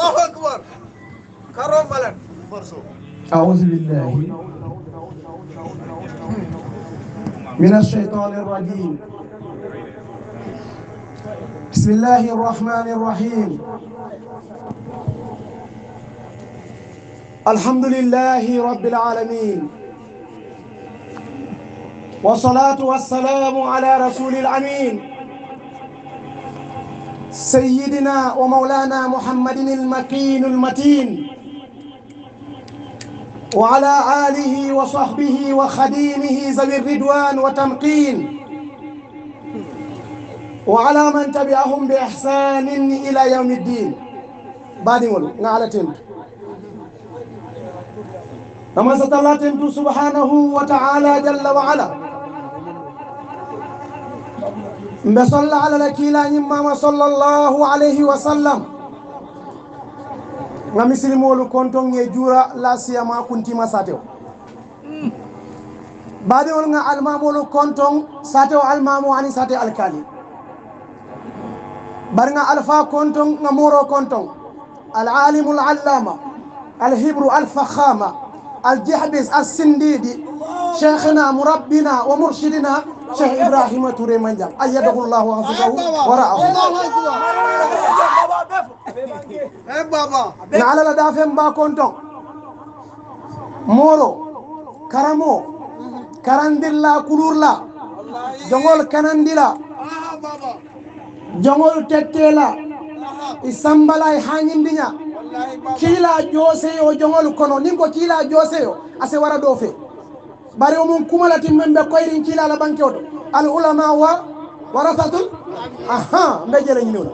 الله أكبر كرم ملك أعوذ بالله من الشيطان الرجيم بسم الله الرحمن الرحيم الحمد لله رب العالمين والصلاة والسلام على رسول الأمين سيدنا ومولانا محمد المكين المتين وعلى آله وصحبه وخديمه ذوي الردوان وتمقين وعلى من تبعهم بإحسان إلى يوم الدين بعدين على تنت نما الله تنت سبحانه وتعالى جل وعلا mbe solla ala la kiilañin mama sallllahu alayhi wa sallam nga misilimolu konton e juura lasiyama kuntima satew baaɓewol nga almamolu konton satew almamo ani sate alkali bar nga alfa konton nga moro konton alalimu lallama alhibru alfahama al الجحدس السندي شيخنا مربنا ومرشدنا شيخ إبراهيم توري منجا أيده الله وحفظه ورعاه إيه نعلى لدافهم با كنتم مورو كرمو كرندلا كلورلا جمول كنندلا جمول تتلا إسامبلا يحانين دينا kiila joseyo jongol kono nin ko kiila joseyo asi wara ɗo fe bari omum kumalatin men ɓe koyrin kiila la banque o ɗo al ulama wa warasatul aha mbe jeleñinoon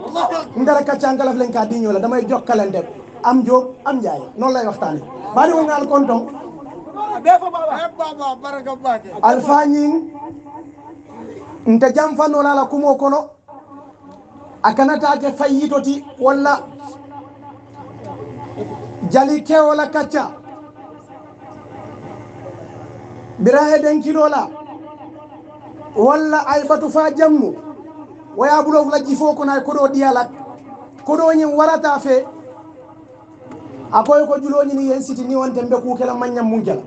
ndara kaccangalafleng ka diñola damay jokkalen deɓ am joom am jaay noonu lay waxtaane bari wonal konton alfañin nte jam fannolala kumo kono a kanata ke fayyitoti walla jali kewola kacca mbira e den kiɗola walla aybatu fa jammu wayabulowla jifo konay koɗo ɗiyalat koɗoñin warata fe a koye ko juloñini yen siti ni wonte mbe kukela mañam munkela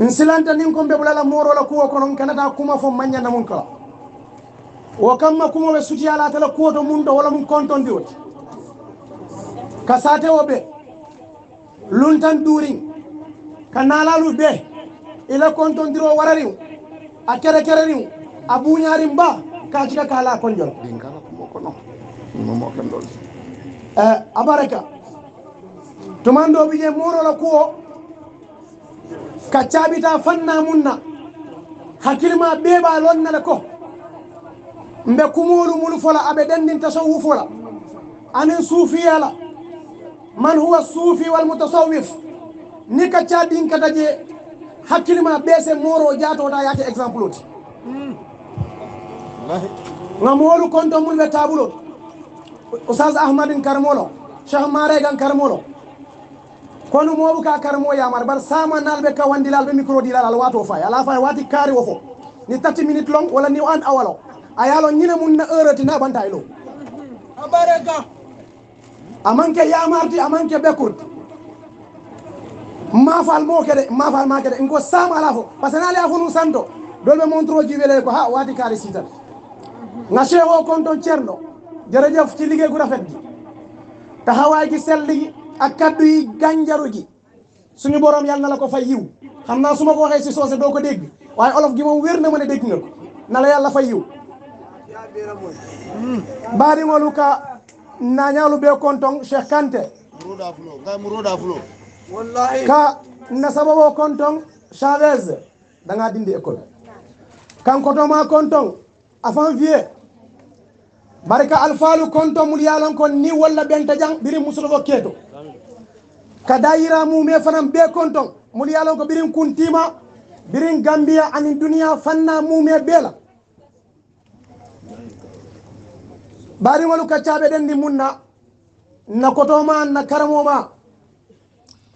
n silanta nin ko mbeɓulala morola kuwo ko non kanata kuma fo mañana mun kala wo kamma kumoɓe sutiyalatala kuwoto mun to wala mum contondi wote ka satewo ɓe luntan duurin ka naalalu ɓe ila contondiro wararin a kere kererin a buñarin ba ka cika kala konjol abaraka tuman ɗo ɓiƴe morola kuwo ka caɓita fanna munna hakkilma ɓeɓa lonnale ko mbe kumolu mulfola aɓe ɗendinta so wufola anin suufiyala man huwa suufi wal mutasawif ni ka caɗin ka daje hakkille ma ɓeese moro jatota yaake exemple oti gam wolu konto mum ɓe tabule ot ousas ahmadin karmolo cheikh maregan karmolo kono moɓu ka karmo yamar bar samanalɓe ka wandilal ɓe micro dilal ala wato fay ala fay wati kaari o fo ni 3 minutes long wala ni o an awalo a yaalo ñine mum na heure ti naɓantay lo abaraga amanke yamardi amanke ɓekurde mafal mo kede mafal ma kede inko sam ala fo par ce que naali a fonu santo ɗol ɓe montre ji wele ko ha wati kaari sitan ga chef o konton ceerno jerejef ci liggue gura fetdi ta hawaji selligi a kadduyi ganjaruji suñu borom yalnala ko fay yiw xamna suma ko waxee si soose dow ko dégg waaye olof gi moom wér na mane dégg nga ko nala yàlla fay yiw baadimoluka nañalu ɓe konton cheikh kante ka nasababo konton chavez danga dindi école kanko toma konton afan vie bari ka alfalu konton mul yalankon ni walla ɓenta jang ɓirin musoto fo keeto ka dayira mume fanan ɓe konton mul yalanko ɓirin kuntima ɓirin gambiya anin duniya fanna mume ɓeela bari walu kaccaɓe ɗen ndi munna na kotoma na karamoma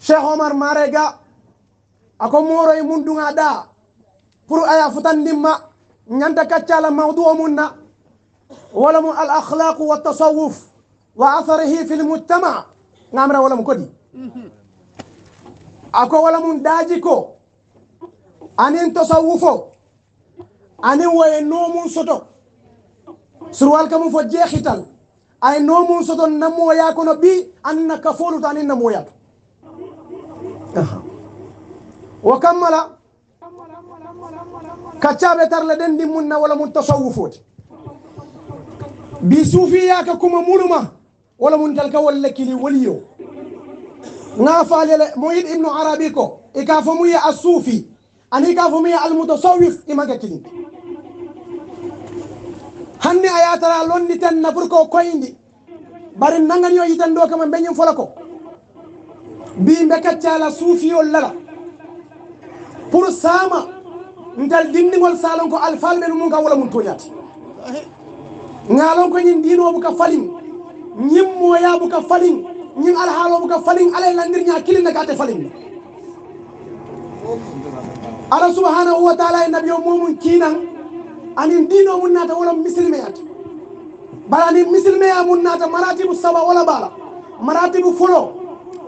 cheikh omar marega ako moroye munɗuga ɗa pour aya futan ndimma ñanta kaccala mawdu o munna walamu al akhlaqu wa tasawuf wa atharihi fi lmujtama gamra walamu kodi ako walamun daji ko anin tasawufo anin woye nomun sotok سروال كم فجي ختال اي نو مون سوتون نمو يا كونو بي ان كفولو تان نمو يا وكمل كتاب تر لدن دي مون ولا مون تصوفوت بي صوفيا ككوم مولما ولا مون تلك ولا كلي وليو نافع مويد ابن عربيكو إكافو مية الصوفي أن إكافو مية المتصوف إما كتلين hanni a yatara lonni ten nafur ko koyndi bari naganyo yitan ɗo kama beñin fola ko mbimbe keccala suufiyol lala pour saama ndal dindigol salon ko alfalɓe ɗu mum ka wola mum toñati ngalon ko ñin ndinoɓu ka falin ñin moyaɓu ka falin ñin alhaaloɓu ka falin ala landirña e kilinna kate falinna ala subhanahu wa taala e nabi o momum kiinan anin ndino mum naata wala misilme yata bala anin misilme ya mum naata maratibu saba wala bala maratibu fulo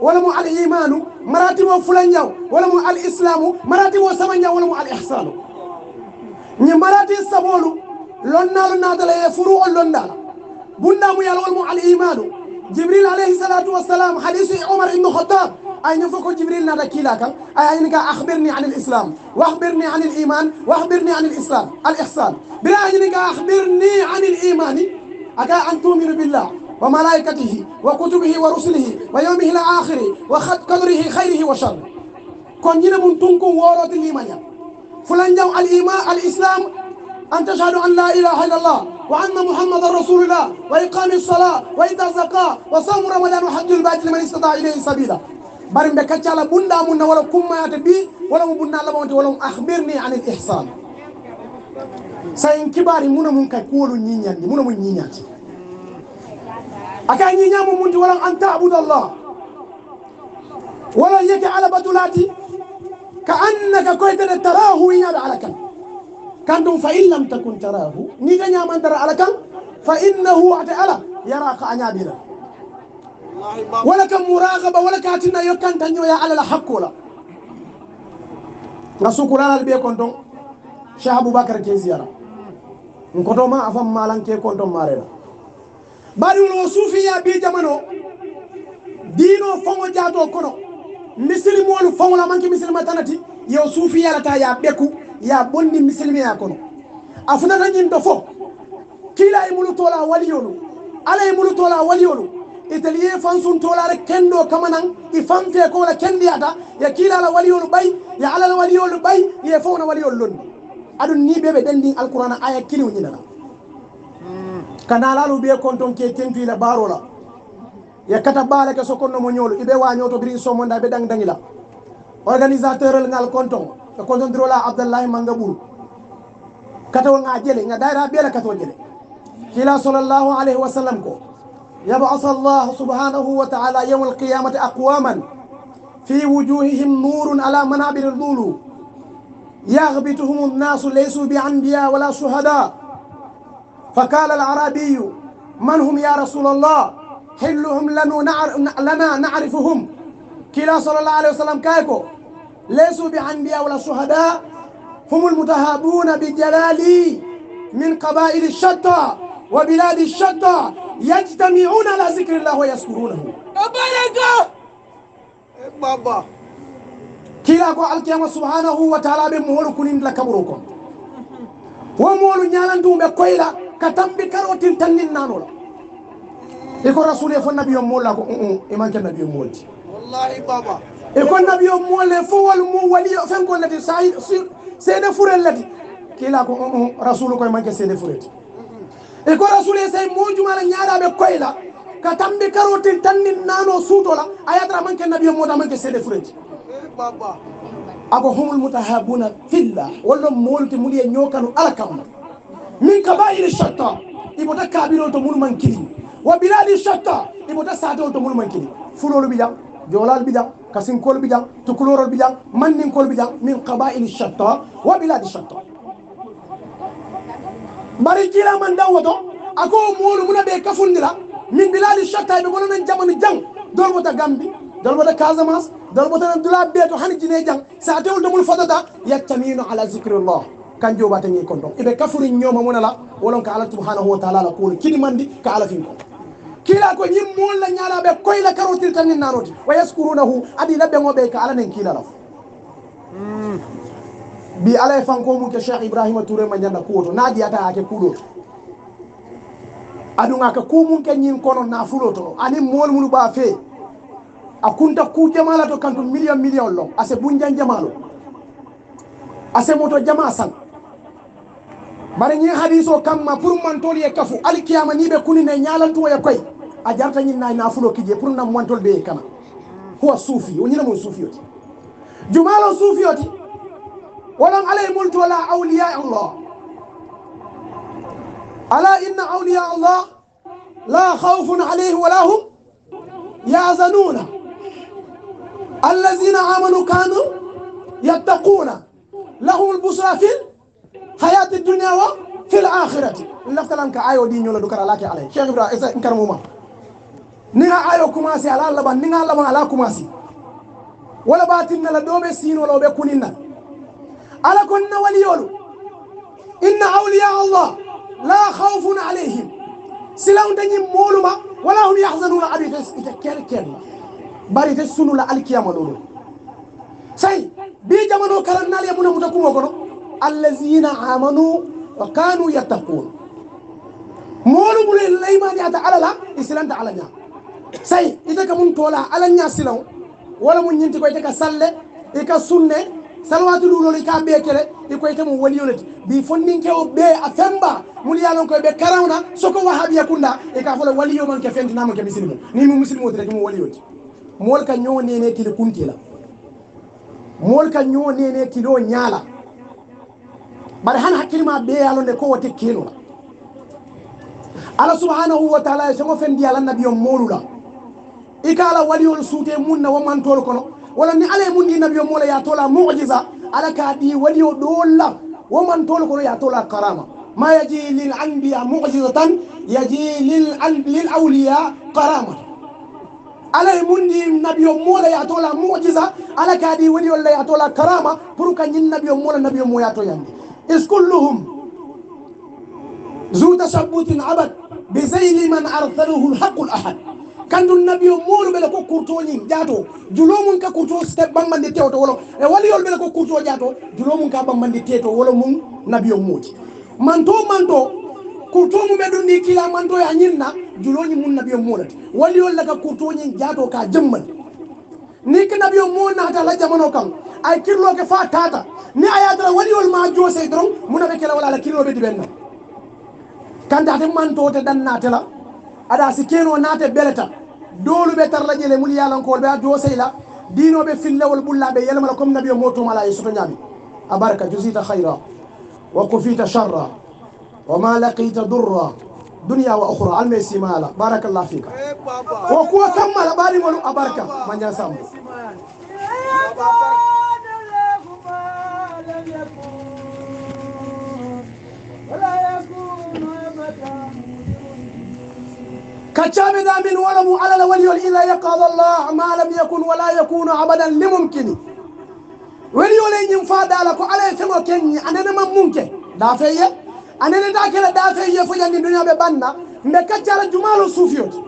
wala mo al imanu maratibo fula ñaw wala mo al islamu maratibo saba ñaw wala mo al ihsanu ñi marati sabolu lonnalu naatala ye furu o lonndala bunnamu yal wala mo al imanu jibril alayhi salatu wassalam hadisu omar ibnu khatab أين فوق جبريل نادا كيلاك أين كا أخبرني عن الإسلام وأخبرني عن الإيمان وأخبرني عن الإسلام الإحسان بلا أين كا أخبرني عن الإيمان أكا أن تؤمن بالله وملائكته وكتبه ورسله ويومه الآخر وقدره خيره وشره كون نينا مون تونكو وورات الإيمان فلان جاو الإيمان الإسلام أن تشهد أن لا إله إلا الله وأن محمد رسول الله وإقام الصلاة وإيتاء الزكاة وصوم رمضان وحج البيت لمن استطاع إليه سبيلا bari mbe kaccala bunda munna wala kummayata bi wala mo bunna lamonte wala mo akhbirni anil ihsan sayin kibari muna mun ka kuwolu ñiñandi muna mun ñiñati aka ñiñamu munti wala an taabudallah wala yeke alabatulati ka annaka koytene tarahu iñaɓe ala kan kan ɗum fa in lam takun tarahu ni ga ñamantara ala kan fa innahu ate ala yara ka añaɓira wala ka muragaba wala ka tinna yokkanta ñoya alala hakkola nga sukuraal ɓe konton cheikh aboubacar ke siyara n kotoma afam malanke konton marena bari wono suufiya bi jamano dino fongo jaato kono misilimolu fongola manke misilima tanati yo suufiyalata ya ɓeku ya ɓonni misilimeya kono afunata ñin do fo kiila e mulutola waliyolu ala e mulutola waliyolu italien fansuntolare kenɗo kama nan i fante ko la kenndiyata ya kiilala waliyolu ɓay ya alah la waliyolu ɓay ye fof na waliyolu lonndi aɗum ni ɓeɓe ɗenndin alqurana aya kiliw ñinata kanalalu ɓiye konton ke tentuyla barola ya kata ɓaale ke sokonno mo ñoolu iɓe wañoto birin somonda ɓe ɗang dangila organisateur el ngal konton e contondirola abdoullahi manga ɓour katawo nga jele nga dayra ɓeela katawo jele kiila sallllahu alayhi wa sallam ko يبعث الله سبحانه وتعالى يوم القيامة أقواما في وجوههم نور على منابر الظل يغبطهم الناس ليسوا بأنبياء ولا شهداء فقال العربي من هم يا رسول الله حلهم لنا نعرفهم كلا صلى الله عليه وسلم كايكو ليسوا بأنبياء ولا شهداء هم المتهابون بجلالي من قبائل الشتى wa biladi shatta yajtamiuna ala zikri llah wa yaskurunahu obalego baba kila ko alkiyama subhanahu wa taala ɓe moolu kunindla kaɓuro kon wo moolu ñalanduɓe koyla ka tambi karotin tanninnanola eko rasule fo nabi o molla ko u e manke nabi o molti wallahi baba e ko nabi o molle fo wal mu wali o fen gollati sa seede furel lati kila ko u rasulu koye manke seede furete e ko rasul essay mojumala ñaaraɓe koyla ka tambi karotin tannin nano suutola a yatra manke nabi yom mota manke seede fureti baba ako humul mutahabuna fillah wollo molti muɗi e ñokanu ala kamma min kabairi chatta ibota kaɓirol to mulman kili wa biladi chatta ibota satol to mulman kili fulol ɓiƴam jolal ɓiƴam kasinkol ɓiƴam tukulorol ɓiƴam manninkol ɓiƴam min kabairi chatta wa biladi chatta mari kilaman dawoto ako moolu muna ɓe kafundira min bilali shatta ɓe e gonanen jamanu jang dolwota gambi dolwota casamance dolwota nan dula ɓeeto hani jine jang sa tewol domul fotota yattamino ala zicrillah kan jobatañi kon ɗon eɓe kafuri ñooma muna la wolon ka ala subhanahu wa taala la kuolu kiɗimandi ka ala fin kon kiila ko yim molla ñalaɓe koyla karotiri tan nin nanoti wa yaskurunahu adi laɓɓe ngoɓe ka ala nen kiilala fo hmm. mbi alaye fanko mum ke cheikh ibrahima touré ma ñanda kuwoto na jeyata ake kuɗoto adugaka ku mum ke ñin kono nafulo to ani mool munu ɓa fe a kunta ku jamala to kanto million million long ase bunjan jamalo ase moto jama san bare ñin hadis o kamma pour mantol ye kafu alkiyama ni ɓe kuni ne ñalantumoye koye a jarta ñin nay nafulo kije pour nam mantol ɓe ye kana huwa suufi o ñinamum suufi oti jumalo suufi oti ولم عليه ملت ولا أولياء الله ألا إن أولياء الله لا خوف عليه ولا هم يعزنون الذين آمنوا كانوا يتقون لهم البشرى في الحياة الدنيا وفي الآخرة لفت لنك آيو دين يولا دكرا لك عليه شيخ إبراه إسا إنكار موما نها آيو كماسي على اللبان نها اللبان على كماسي ولا باتن لدوبي سين ولا بكونينا ala gonna waliyolu inna awliya allah la haufun alayhim silaw dañi moluma wala hum yahzanuna abites ita ker ken barite sunula alkiyama ɗo ɗo say bi jamano kala nal yamuna e e muta e kumo kono allazina amanu wa kanu yattakun molumule laymadi ata alala i silanta ala ña say ita ka mum tola ala ña silaw wala mum ñinti koy ita ka salle ika sunne salawatu ɗuloni e ka ɓee kele e koye temo waliyolati mbi fonninkewo ɓee a femba muliyalon koye ɓe karawna soko wahaɓiya kunda e ka fola waliyomanke fentinamake musilmo ni mi musilmo tirake mo waliyoti mool ka ñoo nene tile kuntila mool ka ñoo nene tilo ñaala bare han hakkillema ɓeyalonde ko wote kenola allah subhanahu wa taala e sogo fendiyalannabiyo moolula i e kaala waliyol suute munna womantol kono ولن علي من النبي مولا يا تولا معجزة على كادي ala دولا di wali dolla ومن تولك يا تولا كرامة ما يجي للأنبياء معجزة يجي للأولياء كرامة على من النبي مولا يا تولا معجزة على كادي ولي ولا يا تولى كرامة بروك نبي مولا نبي مولا تولا إس كلهم ذو تشبت عبد بزيل من أرسله الحق الأحد kandum nabi o muru ɓele ko courtoñin ƴato julomum ka courto ɓamande tewto wolo e waliyol ɓele ko courto ƴato julomum ka ɓamande teto wolo mum nabi o muuti manto manto courto mumeɗum ni kila manto a ñinna juloñi mum nabi o murati waliyol laka courtoñin ƴato ka jemmani ni ke nabi o munata la jamano kam ay kirloke fa tata ni a yadara waliyol ma joose dron munaɓe kela wala la kirloɓe di ɓenna kandate mantote dannatela ada sikeno nate naate beleta dolu be tar jele mul yalan ko be do sey la dino be fillawol bulla be yelma comme nabi mo to mala yusuf nyabi abaraka juzita khaira wa qufita sharra wa ma laqita durra dunya wa ukhra al mala barakallahu fika wa kuwa kamala bari mo abaraka manja sam ولا يكون متى kaccaminaa min wala mu alal waliyol ila yakada llah ma lam yakun wala yakunu abadan limum kini weliyole ñin faadaala ko alaye feŋo keŋi anenema munke daafeye anene da kele daafeye fo jandi duñoɓe banna mbe kaccala jumalo suufiyoti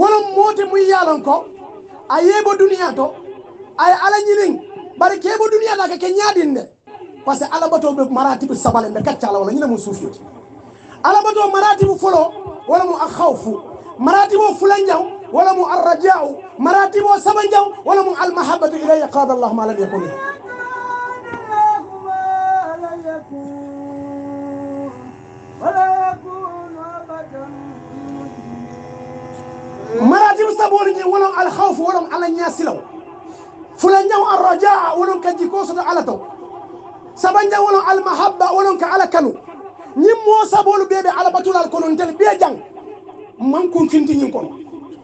wala moote muy yaalon ko a yeebo duniya to aye ala ñiniŋ bari keebo duniya laka ke ñaadin de par ce que alabatoɓe maratibe sabale mbe kaccala wala ñinamu suufiyoti alabato maratibe folo wala mu a xawfu مراتبه فلان جاو ولا مو الرجاء مراتبه سبن جاو ولا مو المحبة إلي قاد الله ما لم يكن مراتب سبون ولا الخوف ولا على الناس لو فلان جاو الرجاء ولا كجيكوس على تو سبن جاو ولا المحبة ولا كعلى كانوا نمو سبون بيبي على بطول الكون تل بيجان man kunkintiñin kono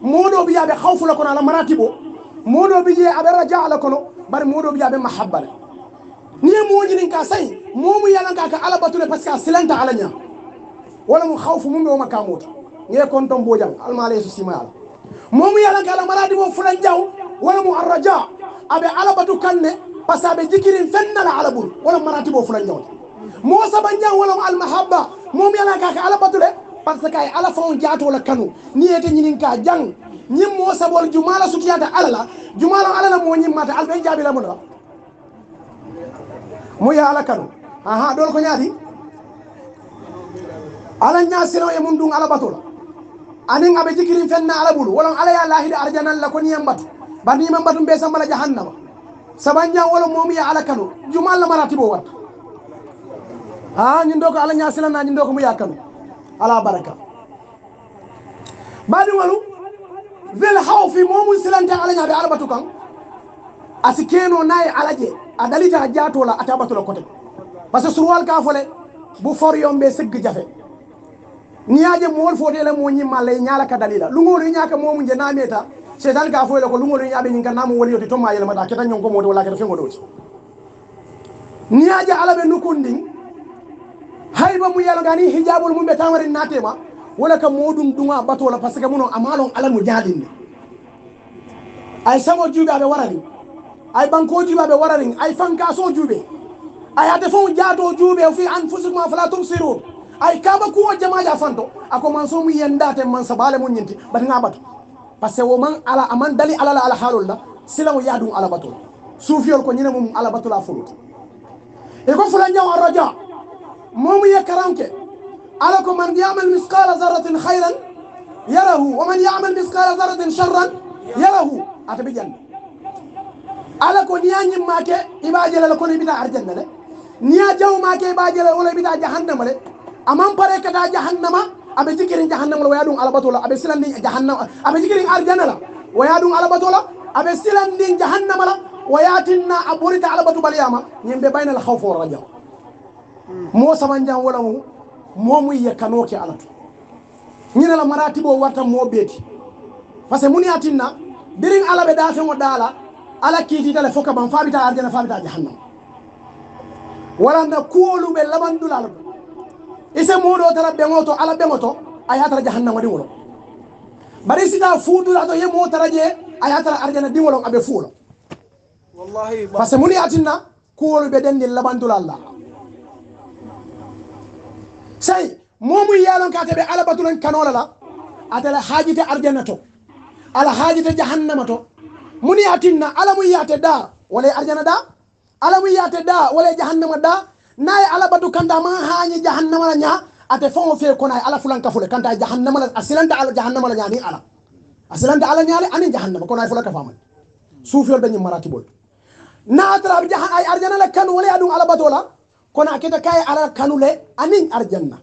moɗo ɓi yaɓe hawfula kono ala maratibo moɗo ɓi yee aɓe radia ala kono bare moɗo ɓi yaɓe mahabbale niye moƴinin ka sayi momu yalanka ka alabatune par ce que a silanta ala ña wala mu hawfu mum ɓe woma kamota ye kon ton bojang almalayeso sima ala momu yalanka ala maratibo fulan diaw wala mu arradia aɓe alabatu kanne par ce que aɓe jikirin fennala alaɓuru wala maratibo fulan diawde mo saba ñaw wala mo almahabba momu yalankaka alabatule par ce que ay ala fon jaato la kano niyete ñinin ka jang ñim mo sabol jumala sutiyata ala la jumalo ala la mo ñimmata alɓe jaabi lamo la mo ya ala kano aha ɗol ko ñaati ala ñasino e mum ɗum ala batola anin aɓe jikirin fenna ala ɓulu walon ala ya lahide arjanalla ko niyam batu bandiman batu mbe sambala jahannama sabanña wolo momu ya ala kano jumalla marati bo watta ha ñin do ko ala ñasinana ñin do ko mo ya kano ala baraka mbaɗi walu wel haw fi momum silante alañaɓe arabatu kan asi keno nayi alaje a dalita a jatola a tabatula cote par ce que surwal ka fole bo for yomɓe segg jafe niyaje mowol fotele mo ñimma lay ñalaka dalila lungol ñaka momu je nameta cheytan ka foyle ko lungol ñaɓe ñin ka namu woli yoti tomma yelmata keta ñonko mode wala keta fengo ɗoti niyaje alaɓe nukun ndin hay ba mu yalo gani hijabol mum ɓe tawari natema wala ka muɗum ɗuma batola par ce que muno amalon alal mo jaɗinde ay sango juuɓe aɓe warari ay banko juuɓe aɓe warari ay fankason juuɓe ay hade fo jaato juuɓe fi an fusikma fala tubsirun ay kaba kuwo jamaja fanto ako man somi yendate man sabale mum ñinti batanga batu par ce que woman ala aman dali alala ala haalol la silamo yaadum ala batola suufiyol ko ñine mum ala batola fulut e ko fula ñaw a rodia moomu yakkaranke ala ko man yamal miskala zaratin hayran yarahu wa man yamal miskala zaratin charran yarahu ata bi janna ala ko niya ñimmake iba jelele kono ibita arjanna le niya jawmake iba jelele wono ibita jahannama le aman pare kata jahannama aɓe jikirin jahannama la waya ɗum alabatola aɓe silandin jahannama aɓe jikirin arjanna la waya ɗum alabatola aɓe silandin jahannama la wayatinna a ɓurita alabatu baliyama ñimɓe baynal hawfo radiallah mosaman jan wala mo momu yakkanoke alato ñinala maratibo warta mo beedi par ce que muni atinna birin alaɓe ɗafego ɗaala ala kiititale foka ban faɓita ardina faɓita jahannam walanda kuoluɓe lamandula ala ɗum ise muɗo tara ɓeŋo to ala ɓeŋo to a yatara jahannam wa ɗiŋolon bari sita fuudula to yemo tara je a yatara ardina ɗiŋolon aɓe fuolo par ce que muni atinna kuoluɓe ɗen ndin lamandula allah say momum yalon ka teɓe alabatulen kanola la atele hajite ardena to ala hajite jahannama to muni atinna alamum yate da walay ardena da alamum yate da walay jahannama da naye alabatu kanta ma hañi jahannama la ña ate fao fe konay ala fulankafule kanta jahannama la asilanta al jahannama la ñani ala asilanta ala ñale ani jahannama konay fulanka famal suufiol ɓe ñim maratibol naatra jaha ay ardena la kan walay adum alabato la kono a keta kaye alal kanule anin arjanna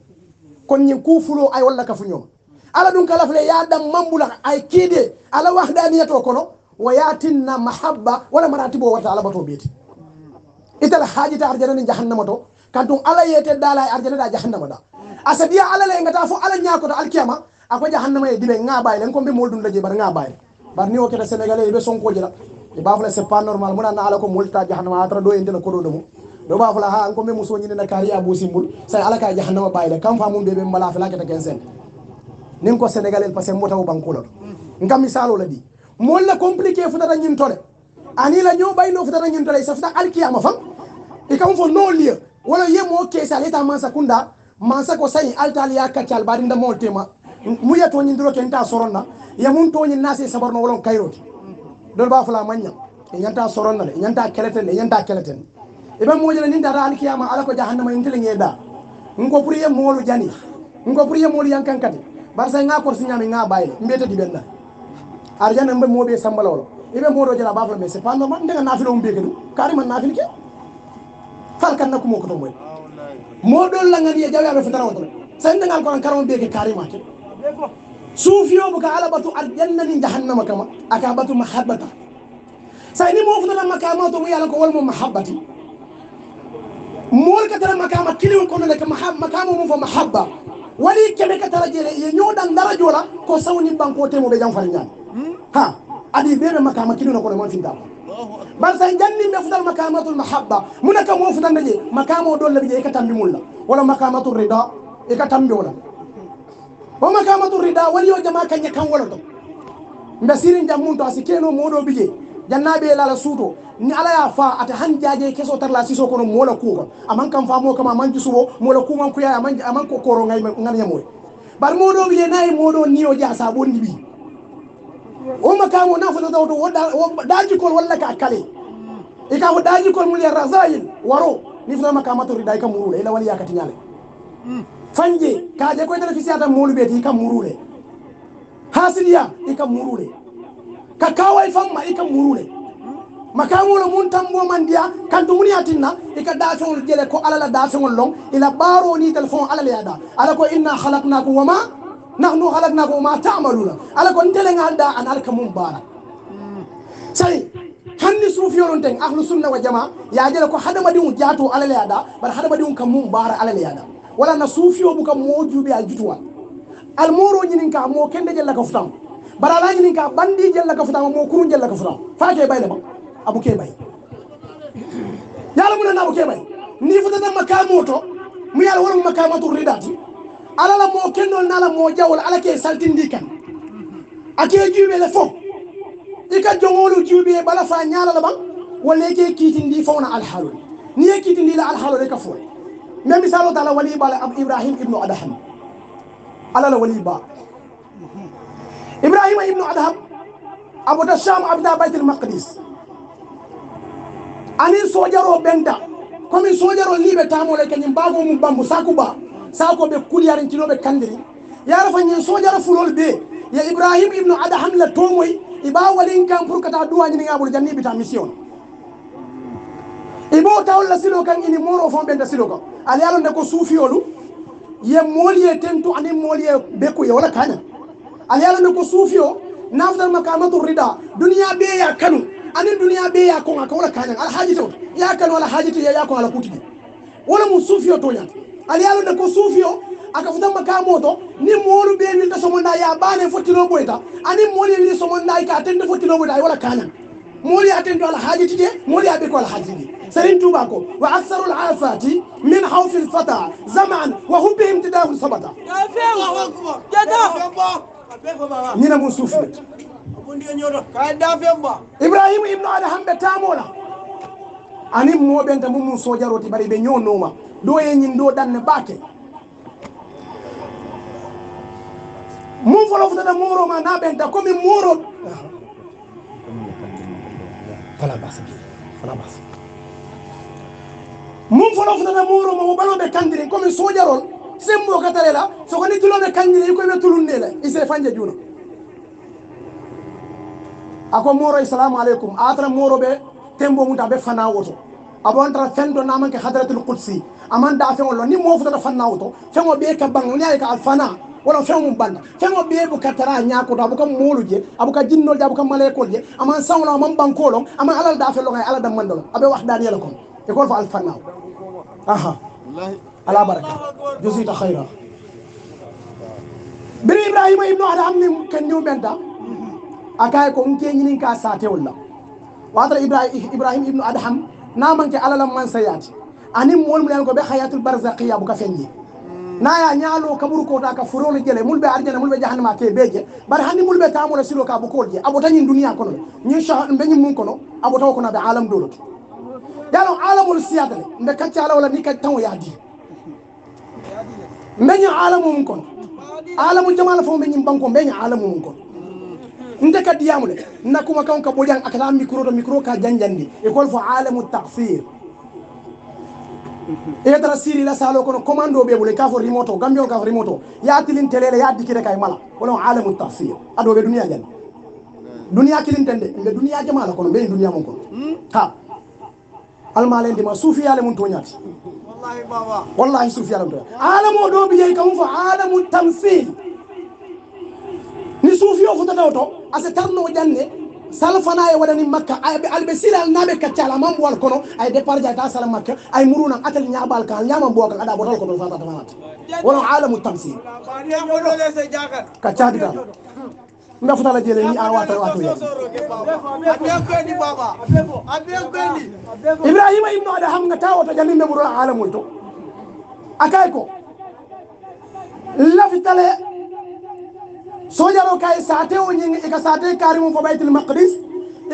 kon ñin kufulo ay walla ka fuñoo ala ɗum kala fle yaɗam mambula ay kiide ala wahdaniyato kono wo yatinna mahabba wala maratibo watta ala bato ɓeeti ital haajita arjanani jahannama to kan tum ala yeete dala e arjanada jahannama da a sadiya alala e ngata fo ala ñakoto alkiyama ako jahannama e dine gabayle en komɓe mol dunlaje bar gabayle bar ni o keta sénégalais eɓe sonkoje la e, e bafle c'est pas normal munana ala ko molta jahannama a tara ɗo e ndela koɗo ɗo mum do ba fula ha anko memu soñi nena kari abou simbul say alaka jahannama bayila kam famum be be mbala fula keta ken sen nin ko sénégalais parce que motaw bankulo ngam mi salo la di molla compliqué futata ñin tole ani la ñoo bayno futata ñin tole sa futa alkiyama fam e kam fo no lieu wala yemo kessal eta mansa kunda mansa ko sañi altaliya kaccal baɗi ndamol tema muya toñin duro ken ta soronna yamum toñin nase sabarno wolon kayroti dol ba fula mañña e ñanta soronna le e ñanta kelete le e ñanta kelete le eɓe moƴana nin dara alkiyama ala ko jahannama intele ŋeeɗa nko pour ye moolu jani nko pour ye moolu yankan kadi bar sa ŋa korsiñami ŋa baye mbiyete di ɓenna arjana mbe mooɓe e sambalawolo eɓe mooɗo jala bafla mais c' est pas normal ndega nafilo mu mbiyekedu carrément nafil ke falkan na kumo kotomboy mooɗol langani e jawyaɓe fe darawoto sani dengal koran karamo mbiyeke carrément ke suufiyoɓo ka ala batu ar ƴannani jahannama kama aka batu mahabata sa ni mofotanamakamato mo yalan ko wolmo mahabati morkatara makama kilin kono ndeke makama mum fo mahabba wali keɓe katara jeere ye ñoɗan darajola ko sawni banko temoɓe jan fare ñani ha adi ɓeɓe makama kilino kono man fintama bar sa janninɓe futal makamatu mahabba muna kam o futande je makama o dollaɓe je e ka tambi mulla wala makamatu rida e ka tambi ola o makamatu rida wali o jama kañe kan wala to mbe sirin jam mum to a si keno moɗo ɓije jannaɓe lala suuto ni alaya fa ata han jaje keso tarla siso kono moola kuuka aman kam famo kam a manki suwo moola kuukan kuya aman aman ko koro ganañamoye bar moɗo wiye nayi moɗo ni o jaa sa ɓondi ɓi oma kamo na fota tawto daƴikol walla ka kale e kafo daƴikol mum rasail waro ni fotama ka matoriɗay kam murule ila wali yakati ñale fanje kaje koye tene fisiyatan moluɓeti kam murule ha sidiya e kam murule ka kawaye fan ma i ka murule makaŋolo mun tambo mandiya kantumuni atinna i ka daasiŋol jele ko ala la daasiŋol loŋ i la ɓaaronitel fon ala le ya da ala ko inna halaknako wama nahnu halaknako wama tamaluna ala ko ntelega da an ala ka mun baara sai hanni suufiyolonten ahlu sunna wa jama ya jele ko hadamadiŋo jaato ala le ya da bara hadamadiŋo ka mun baara ala le ya da wala na suufiyo buka moo juuɓe a jutuwa almoro ñininka moo kende jellaka futaŋo bara la ñini ka bandi jella ka futama mo kurun jella ka futama fa ke bay abu ke bay yalla mun na abu ke bay ni futata makamoto mu yalla warum makamatu ridati ala la mo kendol na la mo jawol ala ke saltindi kan ake jube le fo ika jongolu jube bala fa nyaala la ban wala ke kitindi fona al halu ni kitindi la al halu ka fo misalo tala wali bala ab ibrahim ibnu adham ala la wali ba ibrahima ibnu adham abouda sham abda baytel makdis ani sojaro ɓenta komin sojaro liɓe tamole kañin mbago mum bambu sakouba sako ɓe kuliyarintinoɓe kandiri yarafa ñin sojaro fulol ɓe ye ibrahima ibnu adham la tomoy iba walin kan pour kata duwañiniŋaɓol janniɓita mission ibo tawol la silo kan ini moro fon ɓenta silo kan ali yalonde ko suufiyolu ye molie tentu ani molie bekkuye wala kañan a yalano ko suufi o naftal ma kamatu rida duniya ɓeeya kanu anin duniya ɓeeya kon a ka wala kañang ala haajite oto ya kanu ala haajite yaya kon ala kuutiɗi wala mum suufi o toñata ala yalano ko suufi o aka futanma kamoto ni moolu ɓee wilta somonɗa ya ɓane fottino ɓoyta anin mooli wili somonɗay ka tende fottino ɓoyta ay wala kañang mooli a tendo ala haajitide mooli a ɓe ko ala haajitide sarin tuba ko wa aksaru lafati min hawfi lfata zaman wa hubbihim tidahul sabata ñina mum suufne ibrahima ibnu ada hamɓe tamona anin moɓenta mum mum sojaroti ɓari ɓe ñonoma ɗo e ñin ɗo ɗanne ɓake mum folo futata muroma na ɓenta komi muro mum folo futata muroma o ɓanoɓe kandirin komi sojarol sembo katalela sokoni tulone kangire ko be tulunela isre fanje juno ako moro assalamu alaikum atra moro be tembo muta be fana woto abon tra fendo namanke hadratul qudsi aman da fe ngol ni mo futa fana woto fengo be ka bang ni ay ka alfana wala fengo banda fengo be bu katara nyako da bu kam moluje abu ka jinnol da bu kam malekol je aman sawla aman bankolon aman alal da fe lo ngay alal da mandol abe wax dan yela ko e ko fa alfana aha wallahi ala baraka josita hayra bini ibrahima ibnu ada amni ken niw menta akaye ko unke ñininka satewol la watara ibrahima ibnu adaham na manke alalam mansayati anin molmulen ko ɓe hayatul barzakia buka feñi naya ñaalo kaɓuru kota ka furole jele mulɓe ardiana mulɓe jahannama ke ɓe je bat hanni mulɓe tamola siro ka bukol je aɓo tañin duniya kono ñin sa ɓeñin mum kono aɓo taw kono ɓe alam dolot yano alamol siyadale nde kacca alawola ni kadi tan o yaadi mbeño alamumum kon alamu jamala fof mbeñim banko mbeño alamumum kon nde kad yamude nakuma kam ka ɓoƴan akata micro to micro ka janjandi école e fo alamu taxir edara siri la salo kono commande o ɓe ɓole kafo remoto gambi on kafo remoto ya tilin telele ya dikire kay mala wala alamu taxir aɗo ɓe duniya jandi duniya kilinten de mbe duniya jamala kono mbeñi duniya mum kon ha almalendima suufiyale mum toñati wallahi suufi alam to alamo ɗo mi yeyi kam fo alamu tamsil ni suufi o fotata o to asa tarno o ƴande salfana e waɗani makka aɓe alɓe siral naɓe kaccal ama mbowal kono ay départ jata sal makka ay muruna atel ñaɓal kan ñama mbowa kan aɗa botal kono fatatamanat wono alamu tamsil kaccadi kam mbekutala jele ni awata watoya ibrahima imno aɗa hamga ta oto jandi neɓuro alamoy to akay ko lafitale sojaro kay sate o ñing ika e sate karimum fo baytul maqdis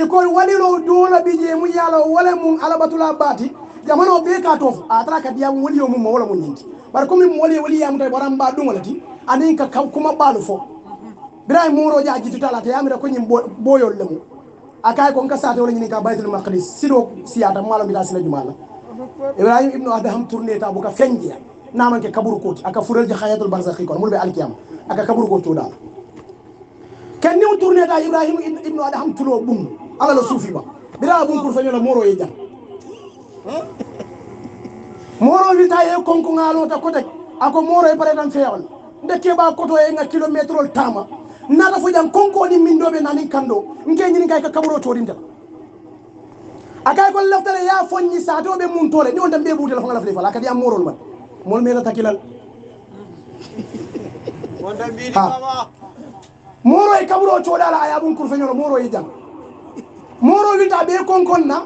ikoy e waɗiro dola ɓije mu yaalo wala mum alaɓatula baati jamano ɓe ka toof a tara kadi yamu waliyo mum ma wala mum ñingi bar comme mum waliye waliyamu tay waramba ɗumalati anin ka kuma ɓaalo fo biray muro ja jiti tala te amira ko nyim boyol lemu akay ko nka sate wala nyini ka baytul maqdis sido siyata malam bi juma la ibrahim ibnu adham tourné ta buka fenjia namanke kaburu koti aka furel ji khayatul barzakhi kon mulbe alkiyama aka kaburu koti wala ken ni tourné ta ibrahim ibnu adham tulo bum ala la sufi ba bira bum ko fanyola moro ye jam moro wi ta ye konko ngalo ta kotek ako moro e pare tan feewal ndekke ba koto e nga kilometre tama nala fo jan konko oni min ɗo ɓe nanin kamɗo nkeñini gay ko kaɓuro torindela akay gol leftere ya foñi satoɓe mum tore ni onta mbiye ɓutela fo ngala fle fala kadi yam morol wat mol meta takilal moro e kaɓuro coɗala a yaɓum kurfeñono moro e jan moro winta ɓe konkon na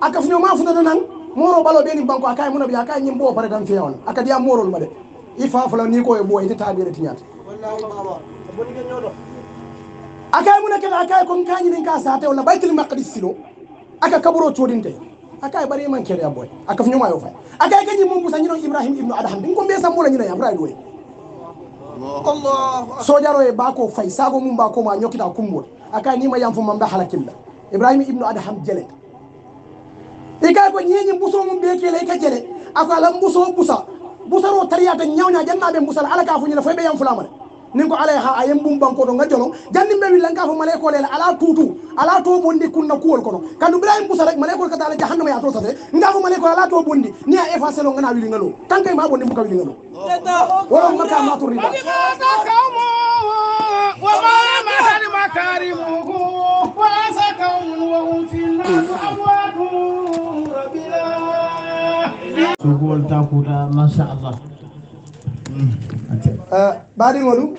a kafñoma funata nan moro ɓalo ɓeni banko akay munaɓi akay ñim ɓo pare tan fewan akadiya morol maɗe i fafola ni ko e ɓo ete tabire tiñata akaye mu nekkene akaye kon kañi ɗin ka sate walla baytil makkadi silo aka kaburo codinte akaye ɓari mankere a boy aka fñuma yo fay akaye gañi mumbu sañino ibrahim ibnu adaham ɗin ko mbiye sambola ñinaya braid way sojaro e bako fay sago mum bako ma ñokkita kumbol akaye nima yamfo mamɓe hala killa ibrahima ibnu adaham jele ikaye ko ñeñi mbuso mum ɓe keley ka jele ako ala mbuso busa busaro tariyata ñawña jannaɓe mbusal ala ka fuñina foy e ɓe yamfulamane nin ko alaye ha a yembum bankoto ga jolo jandim ɓe willan ka fo malaye kolele ala tuutu ala to bondi kunna kuwol kono kandu bilayim pusa rek malaye kol katala jahannama yato sate nga fo malaye kol ala to bondi ni a efacé lo ngana wili ngalo tankay ma bondi buka wili ngalo wolo maka maturrida sugol takuta machallah Eh, baadi ngolu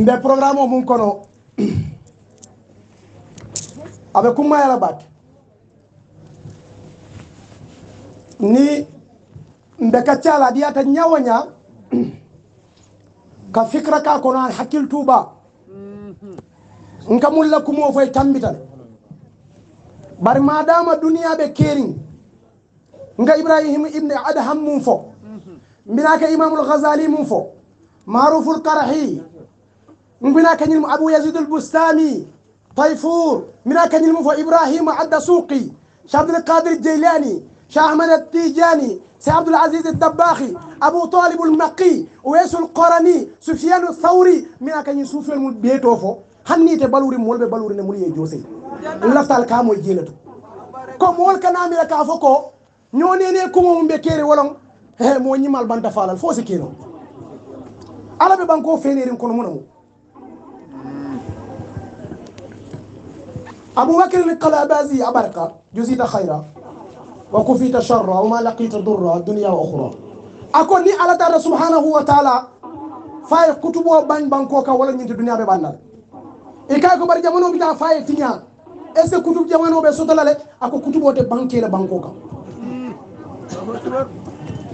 nde programme o mum kono aɓe kummayala batte ni nde kaccala adiyata ñawoña ka fikra ka kono an hakkil tuba nka mulla kumo foye tambitan bari madama duniya ɓe keering nga ibrahim ibne adham mum fo mbinaka imamul ghazali mum fo maruful qarahi mbinaka ñilmu abou yazid al bustami طيفور مراك نلمفو إبراهيم عد سوقي شيخ عبد القادر الجيلاني شيخ أحمد التيجاني سي عبد العزيز الدباخي أبو طالب المقي ويس القرني سفيان الثوري مراك يسوف بيتوفو هني تبلوري مول بلوري نمولي جوسي لفت الكامو جيلتو كم مول كنا مراك أفوكو ñoonene kumomum ɓe keere wolon e mo ñimal banta falal fo si kenon ala ɓe ɓanko fenerin kono munamu aboubacrine kalabasi abarka jusita hayra wa kufita charra wama lakita dorra dunia ohra ako ni alatara subhanahu wa taala faye kutuboo bañ banko ka wala ñinte duniya ɓe ɓannal e kay ko bar jamanoɓita faye tiña est ce que kutube jamanoɓe sotolale ako kutuboote bankele banko kam